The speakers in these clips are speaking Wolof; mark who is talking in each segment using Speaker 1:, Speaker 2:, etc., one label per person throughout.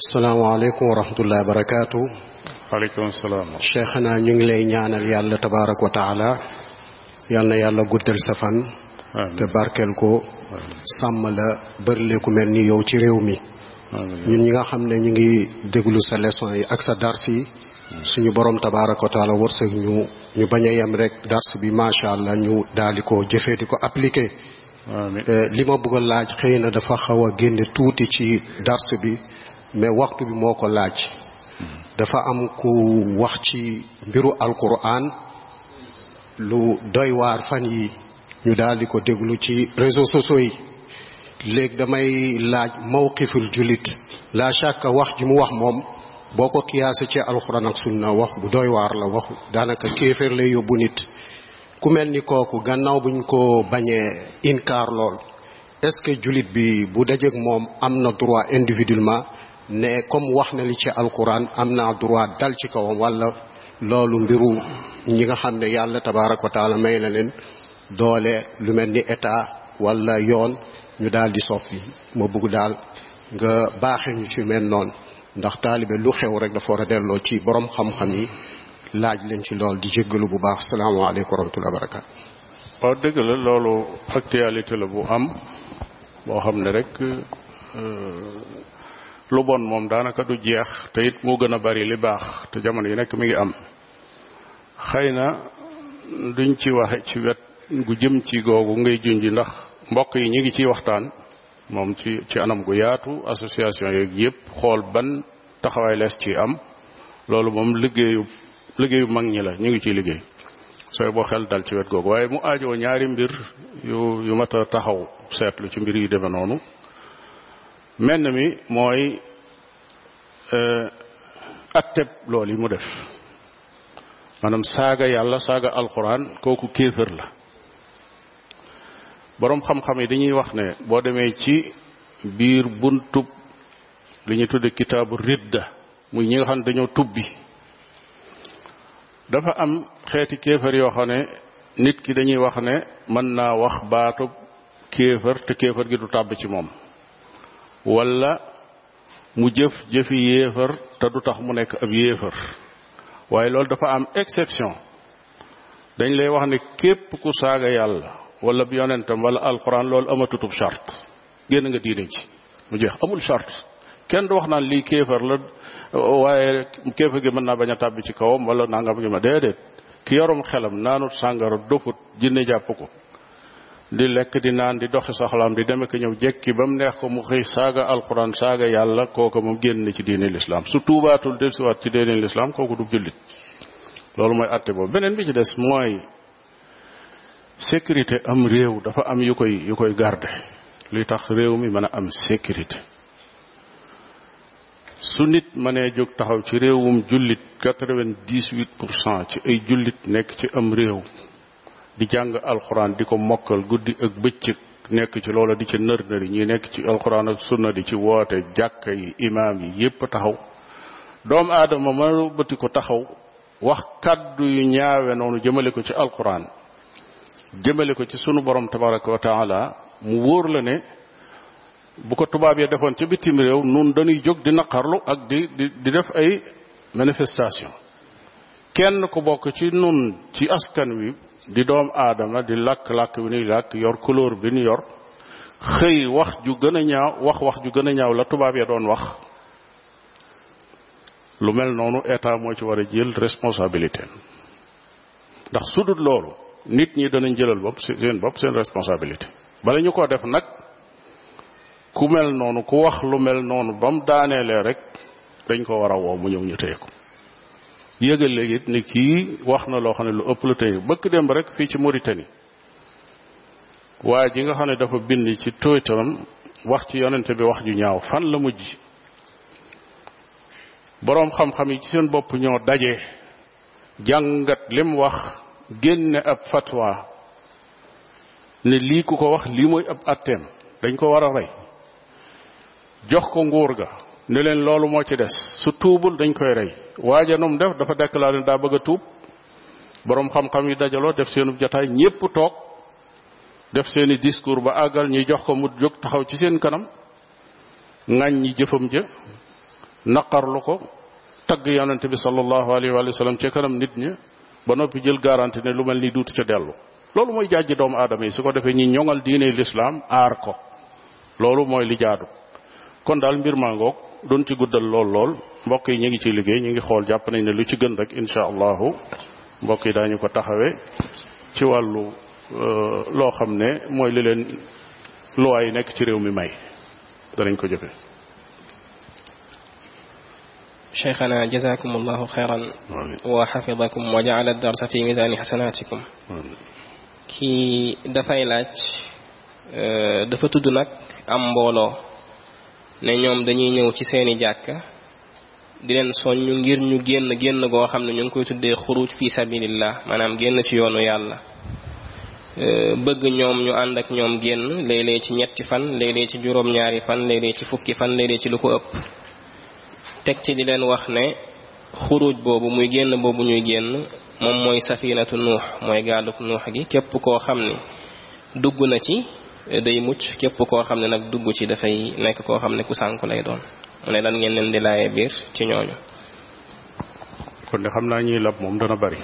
Speaker 1: السلام عليكم ورحمة الله وبركاته عليكم السلام شيخنا نيغلي ñaanal yalla tabaaraku ta'ala yalla yalla guddal sa fan te barkel ko sàmm la bërile ku mel ni yow ci réew mi ñun ñi nga xam ne ñu ngi déglu sa leçon yi ak sa dars yi suñu borom tabaraka taala wërsëg ñu ñu bañ a yem rek dars bi macha allah ñu daali ko jëfee di ko appliqué li ma bëgg laaj xëy na dafa xaw a génne tuuti ci dars bi mais waxtu bi moo ko laaj dafa am ku wax ci mbiru alquran lu doy waar fan yi ñu daal di ko déglu ci réseaux sociaux yi léegi damay laaj mawqiful julit la shakka wax ji mu wax moom boo ko kiyaase ci alquran ak sunna wax bu doy waar la wax daanaka kéeféer lay yóbbu nit ku mel ni kooku gannaaw buñ ko bañee inkaar lool est ce que julit bi bu dajeeg moom am na droit individuellement ne comme wax na li ci alquran amna droit dal ci kawam wala loolu mbiru ñi nga xamne yàlla tabaaraku taala may na len doole lu melni ni état wala yoon ñu dal di soppi mo bëgg dal nga baaxe ñu ci mel non ndax talibé lu xew rek dafa war delo ci borom xam-xam yi laaj leen ci lool di jéggalu bu baax salaamu alaykum wa rahmatullahi wa barakat
Speaker 2: waaw dëgg la loolu actualité la bu am boo xam ne rek lu bon moom daanaka du jeex te it gën a bari li baax te jamono yi nekk mi ngi am xëy na duñ ci waxe ci wet gu jëm ci googu ngay junj ndax mbokk yi ñu ngi ciy waxtaan moom ci ci anam gu yaatu association yeeg yëpp xool ban taxawaay lees ci am loolu moom liggéeyu liggéeyu mag ñi la ñu ngi ciy liggéey sooy boo xel dal ci wet googu waaye mu aajoo ñaari mbir yu yu mat a taxaw seetlu ci mbir yu demee noonu menn mi mooy e, atteb loolu yi mu def maanaam saaga yàlla saaga alxuraan kooku kéefër la boroom xam-xam yi dañuy wax ne boo demee ci biir buntub li ñu tudde kitaabu ridda muy ñi nga xam ne dañoo tubbi dafa am xeeti kéefër yoo xam ne nit ki dañuy wax ne mën naa wax baatu kéefër te kéefër gi du tàbb ci moom wala mu jëf jëfi yéefar te du tax mu nekk ab yéefar waaye loolu dafa am exception dañ lay wax ne képp ku saaga yàlla wala bi yonentam wala alquran loolu amatutub charte génn nga diine ci mu jeex amul charte kenn du wax naan lii kéefar la waaye kéefar gi mën naa bañ a tàbbi ci kawam wala nangam gi ma déedéet ki yorum xelam naanut sàngara dofut jinne jàpp ko di lek di naan di doxi soxlaam di deme ko ñëw jekki bam neex ko mu xëy saga alquran saga yàlla koko mu génn ci diine l'islam su tuubaatul delsiwaat ci diine l'islam koko du jullit loolu mooy atte boobu beneen bi ci des mooy sécurité am réew dafa am yu koy yu koy garde luy tax réew mi mën a am sécurité su nit mënee jóg taxaw ci réewum jullit 98 pour cent ci ay jullit nekk ci am réew di jàng alxuraan di ko mokkal guddi ak bëccëg nekk ci loola di ci nër nëri ñi nekk ci alxuraan ak sunna di ci woote jàkka yi imaam yi yépp taxaw doom aadama mënu bëti ko taxaw wax kàddu yu ñaawe noonu jëmale ko ci alxuraan jëmale ko ci sunu borom tabaraka wa taala mu wóor la ne bu ko tubaab ya defoon ca bitim réew nun dañuy jóg di naqarlu ak di di def ay manifestation kenn ku bokk ci nun ci askan wi di doom aadama di làkk-làkk bi nuy làkk yor couleur bi nu yor xëy wax ju gën a ñaaw wax wax ju gën a ñaaw la tubaab ya doon wax lu mel noonu état moo ci war a jël responsabilité ndax su loolu nit ñi danañ jëlal bopp seen bopp seen responsabilité bala ñu ko def nag ku mel noonu ku wax lu mel noonu ba mu daaneelee rek dañ ko war a woo mu ñëw ñu téye ko yëgal léegi it kii wax na loo xam ne lu ëpp lu tey bëkk démb rek fii ci Mauritanie waaye ji nga xam ne dafa bind ci Twitteram wax ci yonente bi wax ju ñaaw fan la mujj boroom xam-xam yi ci seen bopp ñoo daje jàngat lim wax génne ab fatwa ne lii ku ko wax lii mooy ab atteem dañ ko war a rey jox ko nguur ga ne leen loolu moo ci des su tuubul dañ koy rey waaja num def dafa déclaré daa bëgg a tuub borom xam-xam yi dajaloo def seenub jotaay ñépp toog def seeni discours ba àggal ñi jox ko mu jóg taxaw ci seen kanam ngañ ñi jëfam ja naqarlu ko tagg yonente bi salallahu alayhi wa sallam ci kanam nit ña ba noppi jël garanti ne lu mel ni duutu ca dellu loolu mooy jàjj doomu aadama yi su ko defee ñi ñongal diine l'islam aar ko loolu mooy li jaadu kon daal mbir maa ngoog duñ ci guddal lool lool mbokk yi ñu ngi ci liggéey ñu ngi xool jàpp nañ ne lu ci gën rek incha allahu mbokk yi daañu ko taxawee ci wàllu euh, loo xam ne mooy li leen loi yi nekk ci réew mi may danañ ko jëfe
Speaker 3: cheikhana jazakum allahu xeyran wa xafidakum wa jaala darsa fi misaani xasanaatikum kii dafay laaj euh, dafa tudd nag am mbooloo ne ñoom dañuy ñëw ci seeni jàkk di leen soññ ngir ñu génn génn goo xam ne ñu ngi koy tuddee xuruj fi sabilillah maanaam génn ci yoonu yàlla euh, bëgg ñoom ñu ànd ak ñoom génn léeg-léeg ci ñetti fan léeg-léeg ci juróom-ñaari fan léeg-léeg ci fukki fan léeg-léeg ci lu ko ëpp teg ci di leen wax ne xuruj boobu muy génn boobu ñuy génn moom mooy safinatu nuux mooy gaaluk nuux gi képp koo xam ni dugg na ci day mucc képp koo xam ne nag dugg ci dafay nekk koo xam ne ku sànku lay doon mu ne lan ngeen leen di
Speaker 2: laayee biir ci ñooñu. kon de xam naa ñuy lab moom dana bari.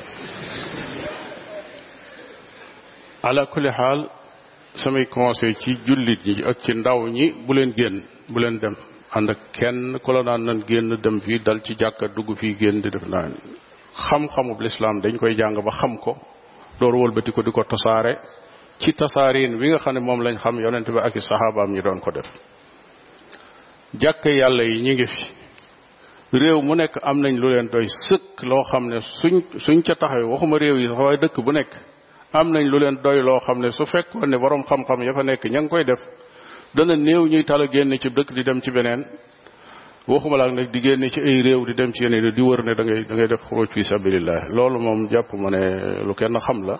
Speaker 2: ala kulli xaal samay conseil ci jullit ñi ak ci ndaw ñi bu leen génn bu leen dem ànd kenn ku la naan nan génn dem fii dal ci jàkka dugg fii génn di def naan xam-xamub lislaam dañ koy jàng ba xam ko door wëlbati ko di ko tasaare. ci tasaarin wi nga xam ne moom lañ xam yonent bi ak i saxaabaam ñi doon ko def jàkk yàlla yi ñu ngi fi réew mu nekk am nañ lu leen doy sëkk loo xam ne suñ suñ ca taxaw waxuma réew yi sax waaye dëkk bu nekk am nañ lu leen doy loo xam ne su fekkoon ne borom xam-xam ya fa nekk ña ngi koy def dana néew ñuy tal a génn ci dëkk di dem ci beneen waxuma laak nag di génn ci ay réew di dem ci yeneen di wër ne da ngay da ngay def xuruj fi loolu moom jàpp ne lu kenn xam la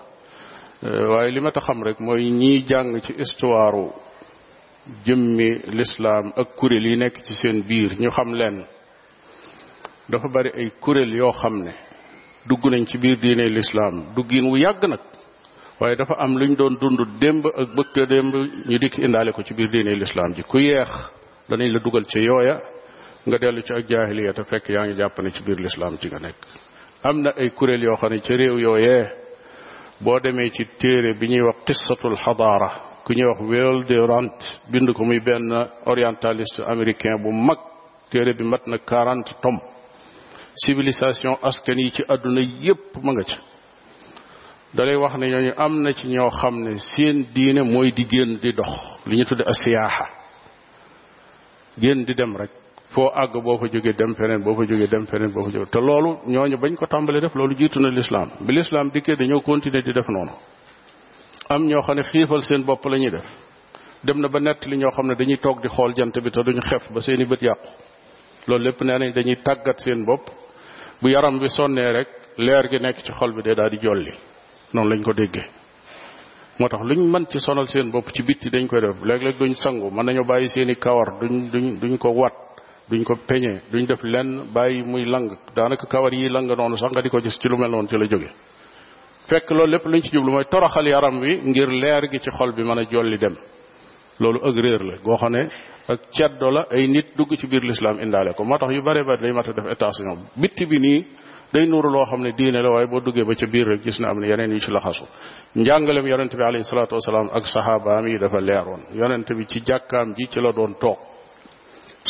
Speaker 2: Euh, waaye li ma ta xam rek mooy ñiy jàng ci histoire jëmmi lislaam ak kuréel yi nekk ci seen biir ñu xam leen dafa bari ay kuréel yoo xam ne dugg nañ ci biir diine lislaam duggiin wu yàgg nag waaye dafa am lu ñu doon dund démb ak bëkka démb ñu dikk indaale ko ci biir diine lislaam ji ku yeex danañ la dugal ci yooya nga dellu ci ak jaahiliya te fekk yaa ngi jàpp ne ci biir lislaam ci nga nekk am na ay kuréel yoo xam ne ca réew yooyee boo demee ci téere bi ñuy wax qissatul xadaara ku ñuy wax Will Durant bind ko muy benn orientalist américain bu mag téere bi mat na quarante tomes civilisation askan yi ci àdduna yépp ma nga ca dalay wax na ñooñu am na ci ñoo xam ne seen diine mooy di génn di dox li ñu tudde asiyaaxa génn di dem rek foo àgg boo fa jógee dem feneen boo fa jógee dem feneen boo fa jógee te loolu ñooñu bañ ko tàmbalee def loolu jiitu na lislaam bi lislaam dikkee dañoo continuer di def noonu am ñoo xam ne xiifal seen bopp lañuy def dem na ba nett li ñoo xam ne dañuy toog di xool jant bi te duñu xef ba seeni bët yàqu loolu lépp nee nañ dañuy tàggat seen bopp bu yaram bi sonnee rek leer gi nekk ci xol bi day daal di jolli noonu lañ ko déggee moo tax luñ mën ci sonal seen bopp ci bitti dañ koy def léeg-léeg duñ sangu mën nañu bàyyi seen i kawar duñ duñ duñ ko wat duñ ko peñe duñ def lenn bàyyi muy lang daanaka kawar yi lang noonu sax nga di ko gis ci lu mel noonu ci la jóge fekk loolu lépp luñ ci jub lu mooy toroxal yaram wi ngir leer gi ci xol bi mën a jolli dem loolu ak réer la goo xam ne ak ceddo la ay nit dugg ci biir lislaam indaale ko moo tax yu bare bari day mat a def attention bitti bi nii day nuuru loo xam ne diine la waaye boo duggee ba ca biir rek gis na am ne yeneen yu ci laxasu njàngalem yonente bi alayhi salaatu wasalaam ak saxaabaam yi dafa leeroon yonente bi ci jàkkaam ji ci la doon toog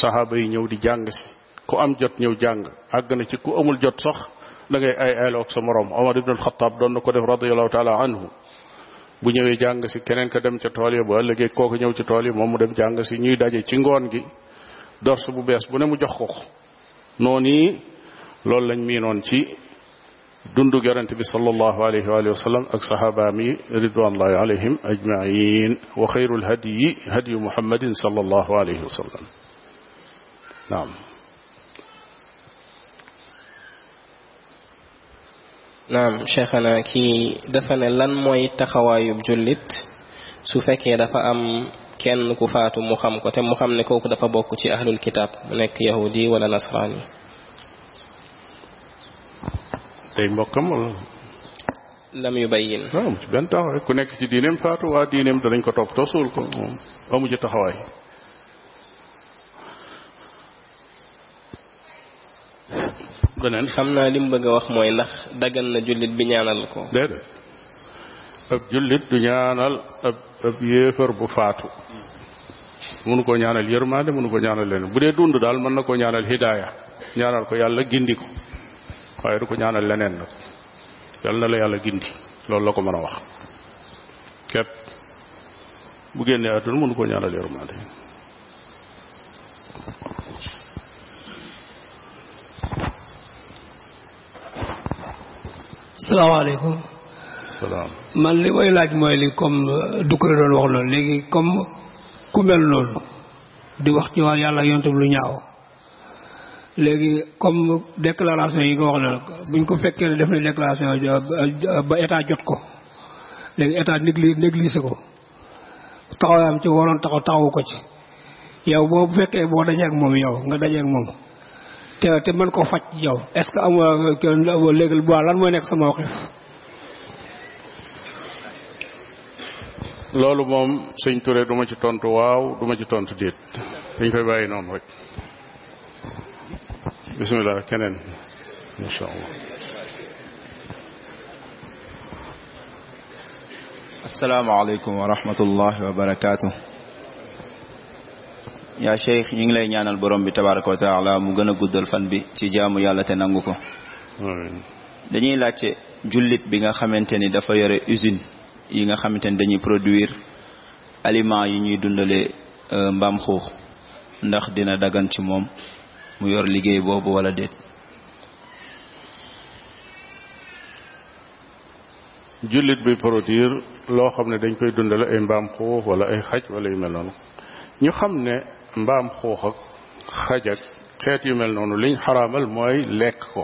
Speaker 2: saxaaba yi ñëw di jàng si ku am jot ñëw jàng àgg na ci ku amul jot sax da ay ayloog sa moroom Omar ibn al doon na ko def radiyallahu taala anhu bu ñëwee jàng si keneen ka dem ca tool yi ba ëllëgee kooku ñëw ci tool yi moom mu dem jàng si ñuy daje ci ngoon gi dors bu bees bu ne mu jox ko ko noonu loolu lañ miinoon ci dundu yonente bi sallallahu alayhi wa sallam ak saxaabaam yi ridwanullahi alayhim ajmain wa xayrul hadyi hadyu muhammadin sallallahu alayhi wa sallam نعم نعم شيخنا
Speaker 3: كي دفن لن موي تخوا يوب جوليت سو فكي دفا ام كين كو فاتو مو خام كو تيم مو نكو دفا بوكو تي اهل الكتاب نيك يهودي ولا نصراني
Speaker 2: تي موكم ولا لم يبين نعم بنتا كو نيك تي دينم فاتو وا آه دينم دا نكو توب توسول كو امو جي تخواي
Speaker 3: gënal. xam naa li bëgg a wax mooy ndax daggan na jullit bi ñaanal ko.
Speaker 2: déedéet ab jullit du ñaanal ab ab bu faatu. mënu koo ñaanal yërmande mënu ko ñaanal leneen bu dee dund daal mën na koo ñaanal hidaaya ñaanal ko yàlla gindi ko waaye du ko ñaanal leneen nag yàlla gindi loolu la ko mën a wax képp bu génnee àdduna mënu ko ñaanal yërmande
Speaker 4: salaamaaleykum.
Speaker 2: salaam
Speaker 3: man li may laaj mooy li comme euh, Dukkure doon wax loolu léegi comme ku mel noonu di wax ci waa yàlla yontam lu ñaaw léegi comme déclaration yi nga wax na buñ ko fekkee ne def na déclaration ba état jot ko léegi état négli négligé ko taxawaayam ci waroon taxaw taxawu ko ci yow boo fekkee boo dajee ak moom yow nga dajee moom. te te mën ko faj yow est ce que amoo kenn amoo léegi bu lan mooy nekk sama waxif
Speaker 2: loolu moom sëñ Touré du ma ci tontu waaw du ma ci tontu déet dañ koy bàyyi noonu rek bismillah keneen insha allah
Speaker 1: asalaamaaleykum wa rahmatullahi wa barakaatuh
Speaker 3: yaa cheikh ñu ngi lay ñaanal borom bi tabaraka wa taala mu gën guddal fan bi ci jaamu yàlla te nangu ko dañuy laajte jullit bi nga xamante ni dafa yore usine yi nga xamante ni dañuy produire aliment yi ñuy dundale euh, mbaam xuux ndax dina dagan ci moom mu yor liggéey
Speaker 2: boobu wala déet jullit bi produire loo xam ne dañ koy dundale ay mbaam xuux wala ay xaj wala yu mel noonu ñu xam ne mbaam xuux ak xaj ak xeet yu mel noonu liñ xaraamal mooy lekk ko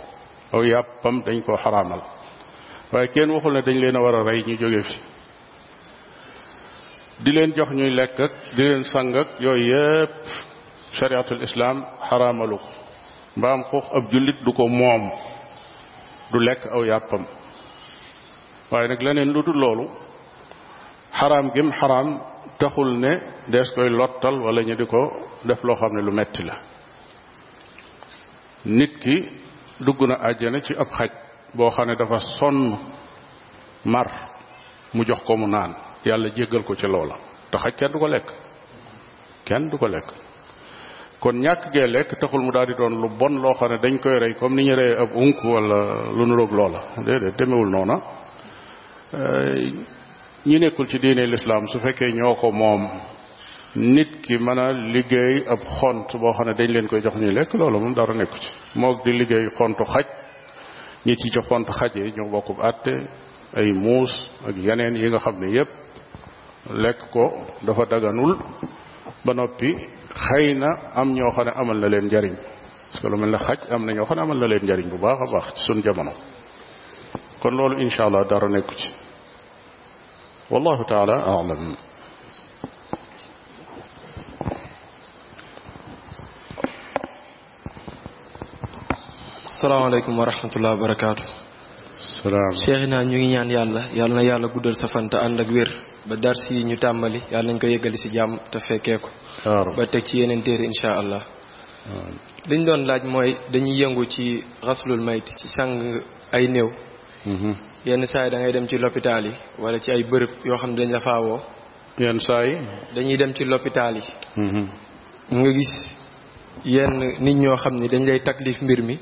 Speaker 2: aw yàppam dañ koo xaraamal waaye kenn waxul ne dañ leen a war a rey ñu jóge fi di leen jox ñuy lekk ak di leen sang ak yooyu yëpp chariatul islam xaraamalu ko mbaam xuux ab jullit du ko moom du lekk aw yàppam waaye nag leneen lu dul loolu xaraam gim xaraam taxul ne des koy lottal wala ñu di ko def loo xam ne lu metti la nit ki dugg na àjjana ci ab xaj boo xam ne dafa sonn mar mu jox ko mu naan yàlla jéggal ko ci loola te xaj kenn du ko lekk kenn du ko lekk kon ñàkk gee lekk taxul mu daal di doon lu bon loo xam ne dañ koy rey comme ni ñu rey ab unk wala lu nuroog loola déedéet demewul noona euh, ñi nekkul ci diine lislaam su fekkee ñoo ko moom nit ki mën a liggéey ab xont boo xam ne dañ leen koy jox nii lekk loolu moom dara nekku ci moo di liggéey xontu xaj ñi ci jox xont xaje ñoo bokkub àtte ay muus ak yeneen yi nga xam ne yépp lekk ko dafa daganul ba noppi xëy na am ñoo xam ne amal na leen njariñ parce que lu mel ne xaj am na ñoo xam ne amal na leen njariñ bu baax a baax ci suñ jamono kon loolu incha allah dara nekku ci والله تعالى أعلم
Speaker 5: السلام عليكم ورحمة الله وبركاته السلام شيخنا نيغي نيان يالا يالا يالا غودر سافانت اندك وير با دارسي ني تامالي يالا نكو ييغالي سي جام تا فيكيكو با تك ان شاء الله لين لاج موي دانيي يينغو سي غسل الميت سي سانغ اي نيو yenn saay da ngay dem ci l'hôpital yi wala ci ay bërëb yoo xam ne dañ la faawoo yenn saay dañuy dem ci l'hôpital yi mm-hmm. nga gis yenn nit ñoo xam ni dañ lay taklif mbir mi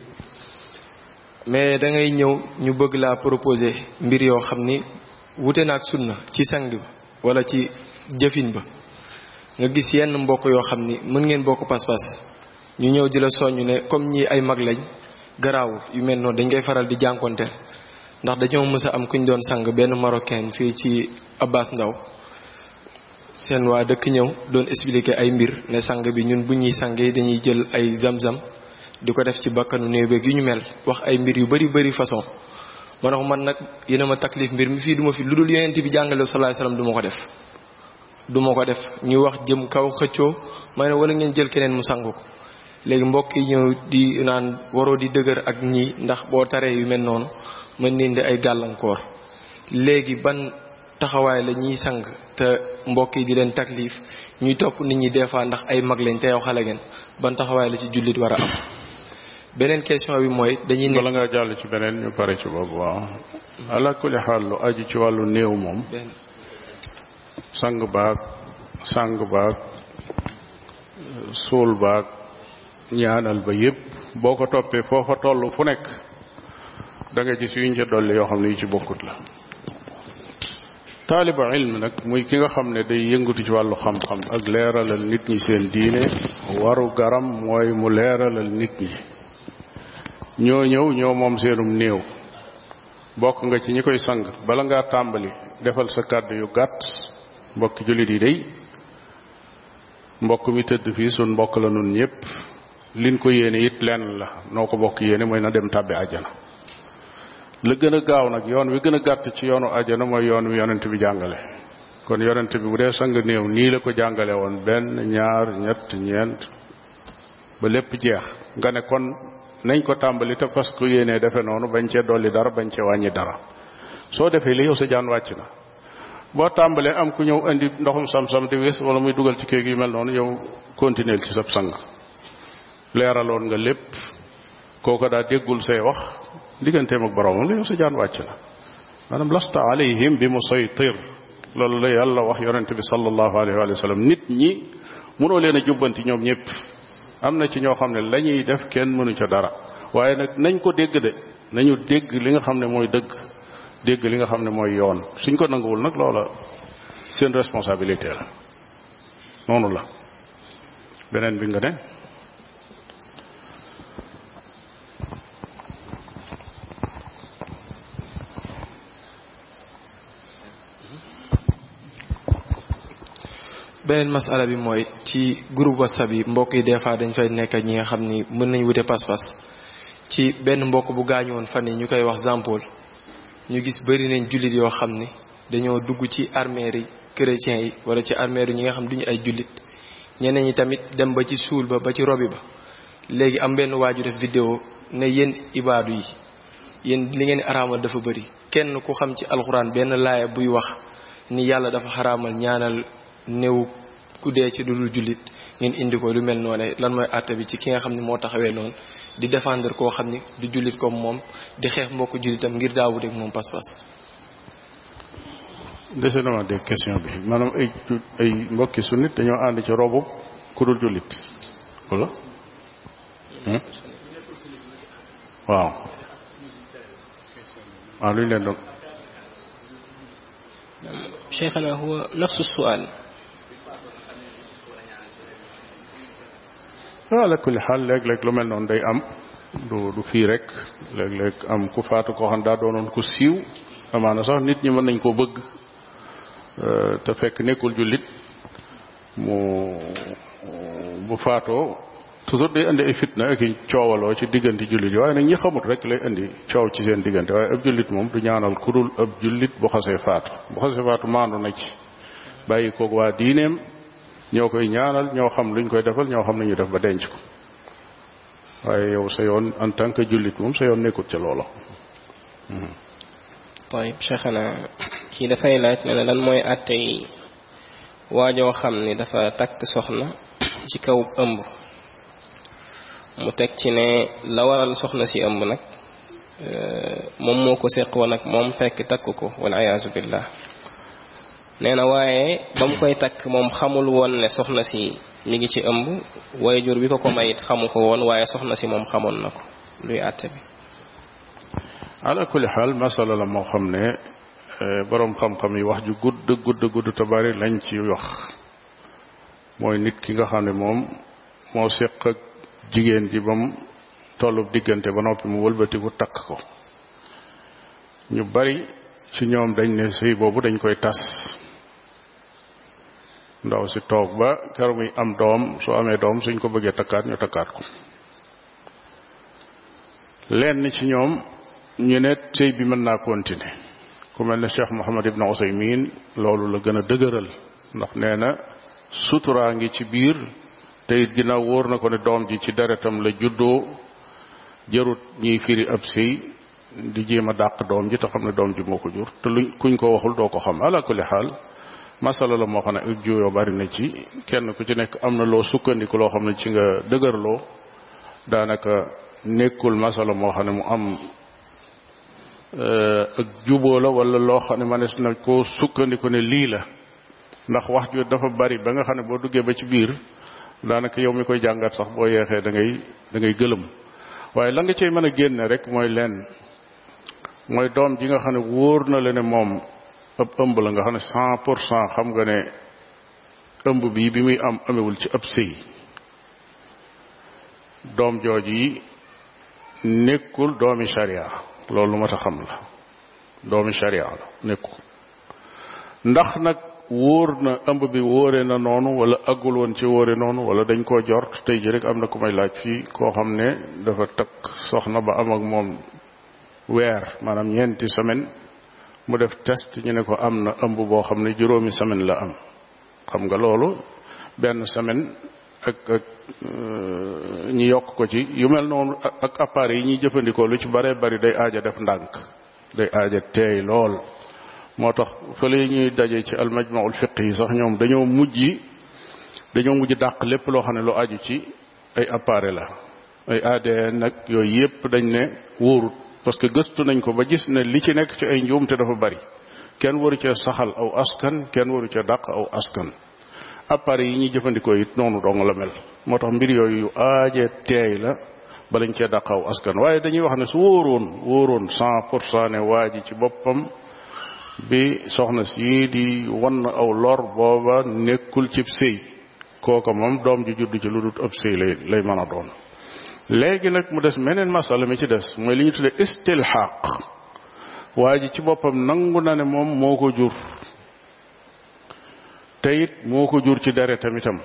Speaker 5: mais da ngay ñëw ñu bëgg laa proposer mbir yoo xam ni wute naag sunna ci sang ba wala ci jëfin ba nga gis yenn mbokk yoo xam ni mën ngeen bokk pas-pas ñu ñëw di la ne comme ay mag lañ garaawul yu mel noonu dañ koy faral di jànkonteel ndax dañoo mësa am kuñ doon sang benn marocain fii ci abbas ndaw seen waa dëkk ñëw doon expliquer ay mbir ne sang bi ñun bu ñuy dañuy jël ay zamzam di ko def ci bakkanu yu ñu mel wax ay mbir yu bari bari façon ma ne ko man nag yéen ma taklif mbir mi fii duma fi lu dul yonent bi jàngale salaay salaam duma ko def duma ko def ñu wax jëm kaw xëccoo ma ne wala ngeen jël keneen mu sang ko léegi mbokk yi ñëw di naan waroo di dëgër ak ñi ndax boo taree yu mel noonu mën nañ di ay gàllankoor léegi ban taxawaay la ñuy sang te mbokk yi di leen taklif ñuy topp nit ñi des fois ndax ay mag lañ te yow xale ngeen ban taxawaay la ci jullit war a am
Speaker 2: beneen question bi mooy dañuy nekk wala nga jàll ci beneen ñu pare ci boobu waaw ala kulli xaal lu aju ci wàllu néew moom sang baag sang baag suul baag ñaanal ba yépp boo ko toppee foofa toll fu nekk da nga gis yuñ ca dolli yoo xam ne yu ci bokkut la taaliba ilm nag muy ki nga xam ne day yëngatu ci wàllu xam-xam ak leeralal nit ñi seen diine waru garam mooy mu leeralal nit ñi ñoo ñëw ñoo moom seenum néew bokk nga ci ñi koy sang bala ngaa tàmbali defal sa kàddu yu gàtt mbokki jullit yi day mbokk mi tëdd fii sun mbokk la nun ñëpp liñ ko yéene it lenn la noo ko bokk yéene mooy na dem tàbbi àjjana la gën a gaaw nag yoon wi gën a gàtt ci yoonu ajjana mooy yoon wi yonent bi jàngale kon yonent bi bu dee sang néew nii la ko jàngale woon benn ñaar ñett ñeent ba lépp jeex nga ne kon nañ ko tàmbali te fas ko yéenee defe noonu bañ cee dolli dara bañ cee wàññi dara soo defee li yow sa jaan wàcc na boo tàmbalee am ku ñëw indi ndoxum sam-sam di wis wala muy dugal ci kéeg gi mel noonu yow continuer ci sab sang leeraloon nga lépp kooko daa déggul say wax digganteem ak boroomam la yow sa jaan wàcc na maanaam lasta alayhim bi musaytir loolu la yàlla wax yonente bi sallallahu alayhi wa sallam nit ñi mënoo leen a jubbanti ñoom ñëpp am na ci ñoo xam ne lañuy def kenn mënu ca dara waaye nag nañ ko dégg de nañu dégg li nga xam ne mooy dëgg dégg li nga xam ne mooy yoon suñ ko nanguwul nag loola seen responsabilité la noonu la beneen bi nga ne
Speaker 5: beneen masala bi moy, ci groupe whatsapp yi mbokk yi des fois dañ fay nekk ñi nga xam mën nañ wute pas-pas ci benn mbokk bu gaañu woon fan yi ñu koy wax ñu gis bëri nañ jullit yoo xam ni dañoo dugg ci armeeri chrétien yi wala ci armeeri ñi nga xam duñu ay jullit ñeneen ñi tamit dem ba ci suul ba ba ci robi ba léegi am benn waaju def vidéo ne yéen ibaadu yi yéen li ngeen araamal dafa bëri kenn ku xam ci alxuraan benn laaya buy wax ni yàlla dafa ñaanal néew ku dee ci lu dul jullit ngeen indi ko lu mel noonu lan mooy àtte bi ci ki nga xam ne moo taxawee noon di défendre koo xam ni du jullit comme moom di xeex mbokku ngir daawu rek moom pas
Speaker 2: bi maanaam ay ay mbokki sunnit dañoo ànd ci robu ku dul jullit wala. Hmm?
Speaker 3: waaw. waaw luñ leen doon.
Speaker 2: Cheikhana huwa nafsu su'al. waaw ala kulli xaal léeg lu mel noonu day am du fii rek léeg-léeg am ku faatu koo xam daa doonoon ku siiw amaana sax nit ñi mën nañ koo bëgg euh, te fekk nekkul jullit mu bu faatoo toujours day indi ay fitna ak i coowaloo ci diggante jullit yi waaye nag ñi xamut rek lay indi coow ci seen diggante waaye ab jullit moom du ñaanal ku dul ab jullit bu xasee faatu bu xasee faatu maandu na ci bàyyi koog waa diineem ñoo koy ñaanal ñoo xam luñ koy defal ñoo xam nañu def ba denc ko waaye yow sa yoon en tant que jullit moom sa yoon nekkut ca loola
Speaker 3: طيب شيخنا kii dafay laaj ne lan mooy atte yi waajoo xam ni dafa takk soxna ci kaw ëmb mu teg ci ne la waral soxna si ëmb nag moom moo ko seq woon ak moom fekk takk ko wal iyaazu billah nee na waaye ba mu koy takk moom xamul woon ne soxna si mi ngi ci ëmb waaye jur bi ko ko mayit xamu ko woon waaye soxna si moom xamoon na ko
Speaker 2: luy àtte bi ala kulli xaal masala la moo xam ne eh, boroom xam-xam yi wax ju gudd gudd gudd lañ ci wax mooy nit ki nga xam ne moom moo séq ak jigéen ji ba mu tollu diggante ba noppi mu wëlbatiku takk ko ñu bari ci ñoom dañ ne sëy boobu dañ koy tas ndaw si toog ba keroog muy am doom su amee doom suñ ko bëggee takkaat ñu takkaat ko lenn ci ñoom ñu ne sëy bi mën naa continuer ku mel ne Cheikh Mouhamad Ibn Ousaymin loolu la gën a dëgëral ndax nee na suturaa ngi ci biir te it ginnaaw wóor na ko ne doom ji ci deretam la juddoo jarut ñiy firi ab sëy di jéem a dàq doom ji te xam ne doom ji moo ko jur te luñ kuñ ko waxul doo ko xam ala kulli xaal masala la moo xam ne ak juyoo bari na ci kenn ku ci nekk am na loo sukkandiku loo xam ne ci nga dëgërloo daanaka nekkul masala moo xam ne mu am euh, ak juboo la wala loo xam ne manees na koo sukkandiku ne lii la ndax wax ju dafa bari ba nga xam ne boo duggee ba ci biir daanaka yow mi koy jàngat sax boo yeexee dangay ngay da gëlëm waaye la nga cey mën a génne rek mooy leen mooy doom ji nga xam ne wóor na la ne moom ab ëmb la nga xam ne cent pour cent xam nga ne ëmb bii bi muy am amewul ci ab sëy doom jooju yi nekkul doomi sharia loolu ma a xam la doomi sharia la nekkul ndax nag wóor na ëmb bi wóore na noonu wala agul woon ci wóore noonu wala dañ koo jor tey ji rek am na ku may laaj fii koo xam ne dafa takk soxna ba am ak moom weer maanaam ñeenti semaine mu def test ñu ne ko am na ëmb boo xam ne juróomi semaine la am xam nga loolu benn semaine ak ak euh, ñu yokk ko ci yu mel noonu ak appareil yi ñuy jëfandikoo lu ci bare bari day aaja def ndànk day aaja teey lool moo tax fële ñuy daje ci almajmaul fiq yi sax ñoom dañoo mujj dañoo mujj dàq lépp loo xam ne lu aju ci ay appareil la ay ADN nag yooyu yépp dañ ne wóorut parce que gëstu nañ ko ba gis ne li ci nekk ci ay njuumte dafa bari kenn waru ca saxal aw askan kenn waru ca dàq aw askan appareil yi ñuy jëfandikoo it noonu dong la mel moo tax mbir yooyu yu aaje teey la ba lañ cee dàq aw askan waaye dañuy wax ne su wóoroon wóoroon cent pour cent ne waa ji ci boppam bi soxna sii di wann aw lor booba nekkul cib sëy kooka moom doom ju judd ci lu dut ëpp sëy lay mën a doon léegi nag mu des meneen masala mi ci des mooy li ñu tuddee istilxaq waa ji ci boppam nangu na ne moom moo ko jur te moo ko jur ci deret tamitam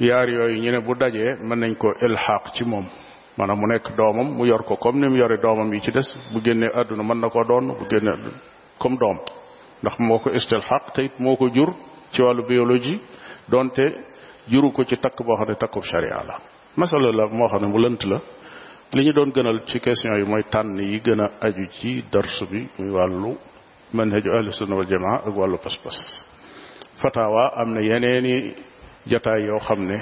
Speaker 2: yaar yooyu ñu ne bu dajee mën nañ koo ilxaq ci moom maanaam mu nekk doomam mu yor ko comme ni mu yore doomam yi ci des bu génnee àdduna mën na koo doon bu génnee comme doom ndax moo ko istilxaq te it moo ko jur ci wàllu biologie donte juru ko ci takk boo xam ne takkub sharia la masala la moo xam ne mu lënt la li ñu doon gënal ci question yi mooy tànn yi gën a aju ci darsu bi muy wàllu mën ahlu sunna wal jamaa ak wàllu pas-pas fatawa am na yeneen i jataay yoo xam ne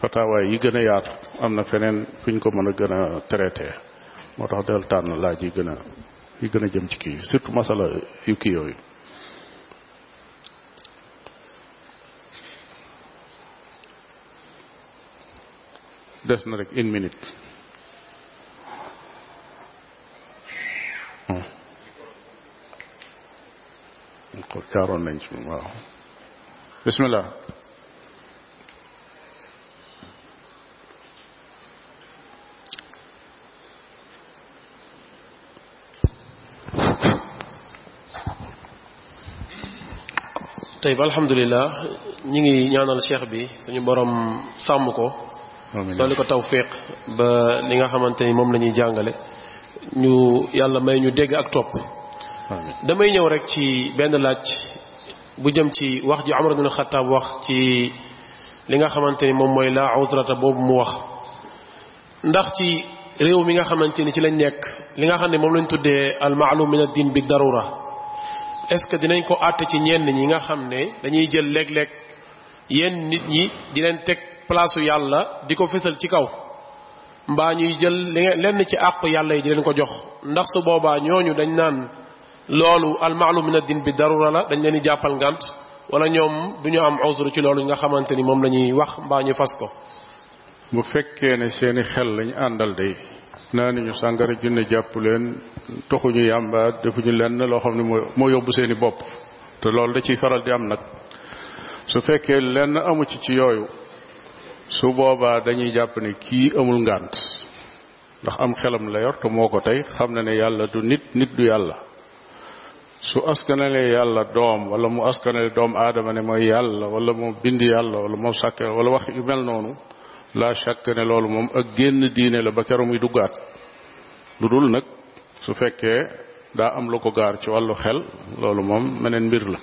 Speaker 2: fatawa yi gën a yaatu am na feneen fu ñu ko mën a gën a traité moo tax del tànn laaj yi gën a yi gën a jëm ci kii surtout masala yu kii yooyu That's not in minute. Carol mentioned. Wow. Bismillah.
Speaker 5: tey alhamdulilah ñi ngi ñaanal cheikh bi suñu borom sàmm ko dolli ko tawfiq ba li nga xamanteni ni lañuy la ñu yalla may ñu dégg ak topp damay ñew rek ci benn laaj bu jëm ci wax ji umar ibn Khattab wax ci li nga xamanteni ni moy la uzrata bobu mu wax ndax ci réew mi nga xamanteni ni ci lañ nekk li nga xam mom lañ tuddé al ma'lum min ad din bi darura est ce dinañ ko àtte ci ñenn ñi nga xam dañuy jël lék lék yenn nit ñi di leen tek palaasu yàlla di ko fësal ci kaw mbaa ñuy jël lenn ci àqu yàlla yi di leen ko jox ndax su boobaa ñooñu dañ naan loolu almaalum min ad-din bi darura la dañ leen di jàppal ngànt wala ñoom du ñu am uzru ci loolu nga xamante ni
Speaker 2: moom lañuy wax mbaa ñu fas ko bu fekkee ne seeni xel lañu àndal day naa ni ñu sàngara junne jàpp leen toxuñu yàmba defuñu lenn loo xam ne moo yóbbu seeni bopp te loolu da ciy faral di am nag su fekkee lenn amu ci ci yooyu su boobaa dañuy jàpp ne kii amul ngànt ndax am xelam la yor te moo ko tey xam na ne yàlla du nit nit du yàlla su askanalee yàlla doom wala mu askanale doom aadama ne mooy yàlla wala moom bind yàlla wala moom sàkke wala wax yu mel noonu laa chàkk ne loolu moom ak génn diine la ba keroog muy duggaat lu dul nag su fekkee daa am lu ko gaar ci wàllu xel loolu moom meneen mbir la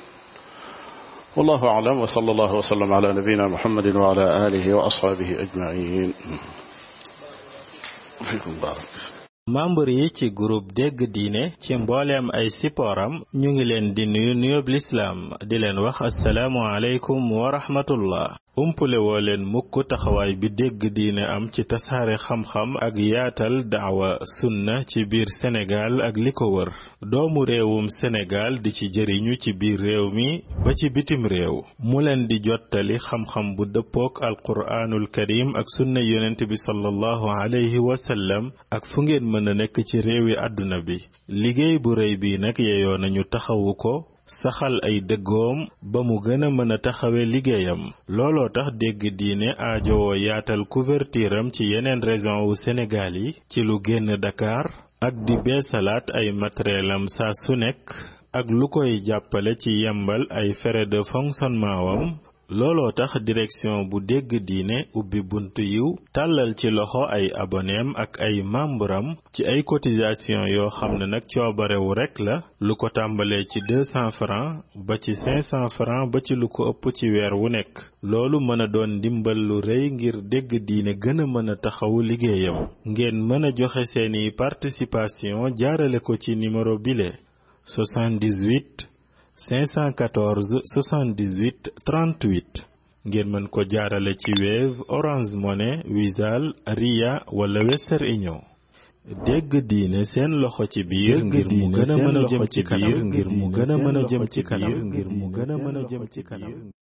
Speaker 2: والله أعلم وصلى الله وسلم على نبينا محمد وعلى آله وأصحابه أجمعين فيكم بارك
Speaker 4: membre yi ci groupe dégg diine ci mbooleem ay sipooram ñu ngi leen di nuyu nuyub lislaam di leen wax assalaamu aleykum wa rahmatullah umpule woo leen mukk taxawaay bi dégg diine am ci tasaare xam-xam ak yaatal daawa sunna ci biir senegaal ak li ko wër doomu réewum Sénégal di ci jëriñu ci biir réew mi ba ci bitim réew mu leen di jottali xam-xam bu dëppook alquraanul karim ak sunna yonent bi sallallahu alayhi wa ak fu ngeen mën a nekk ci réewi àdduna bi liggéey bu rëy bii nag yeyoo nañu taxawu ko saxal ay dëggoom ba mu gën a mën a taxawe liggéeyam looloo tax dégg diine aajowoo yaatal couverture ci yeneen région wu Sénégal yi ci lu génn dakaar ak di beesalaat ay matériel am saa su nekk ak lu koy jàppale ci yembal ay frais de fonctionnement wam looloo tax direction bu dégg diine ubbi buntu yiw tàllal ci loxo ay aboneem ak ay membram ci ay cotisation yoo xam ne nag coobarewu rekk la lu ko tàmbalee ci 200 francs ba ci 500 francs ba ci lu ko ëpp ci weer wu nekk loolu mën a doon ndimbal lu rëy ngir dégg diine gën a mën a taxawu liggéeyam ngeen mën a joxe seeni participation jaarale ko ci numéro bile 78 514 78 38 ngeen mën ko jaarale ci Wave Orange Money Wizall Ria wala Western Union dégg diine seen loxo ci biir ngir mu gën a mën a jëm ci kanam ngir mu gën a mën a jëm ci kanam ngir mu gën a mën a jëm ci kanam